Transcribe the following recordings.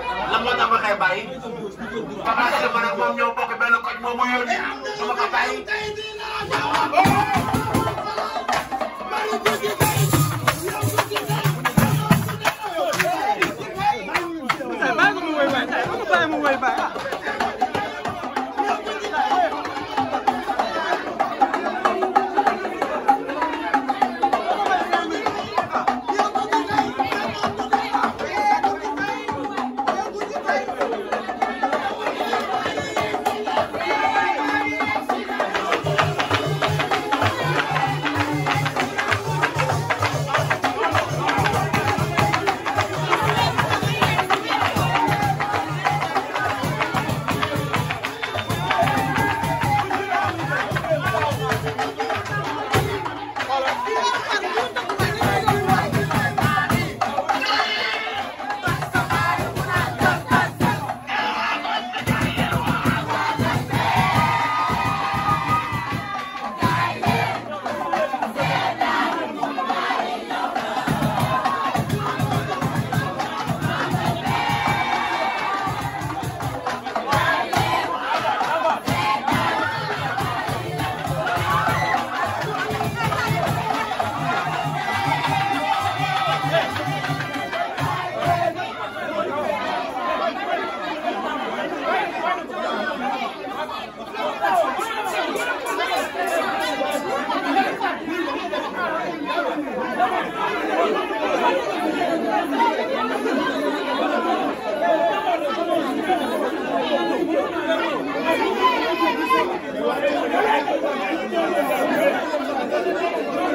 lan moo tax ma koy bàyyi. papa Sèye ma ne moom ñoo bokk benn koñ moom mu yónni su ma ko bàyyi.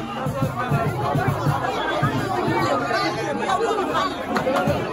Thank you.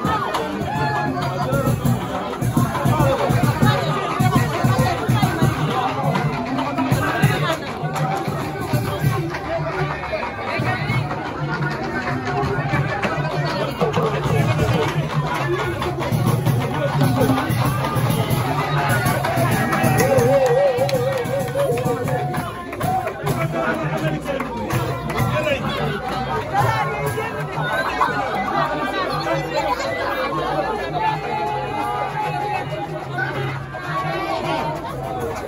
Roque,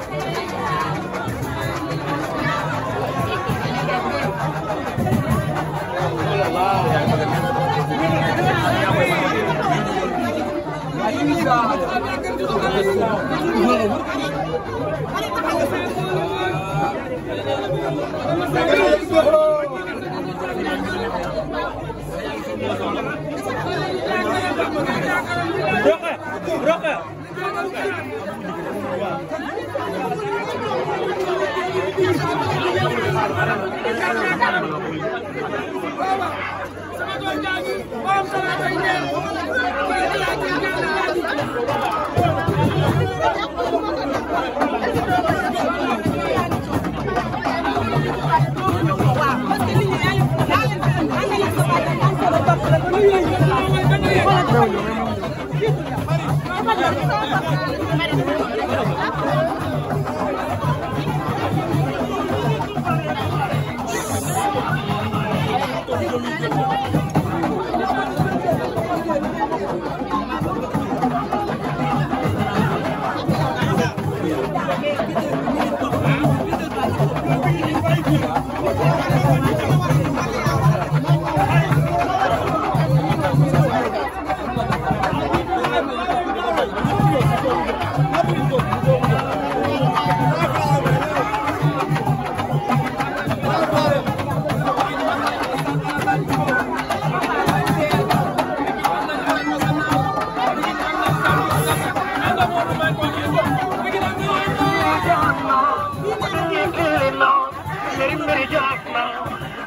Roque. sama doom jaa ngi moom sama doy neex Very, very job.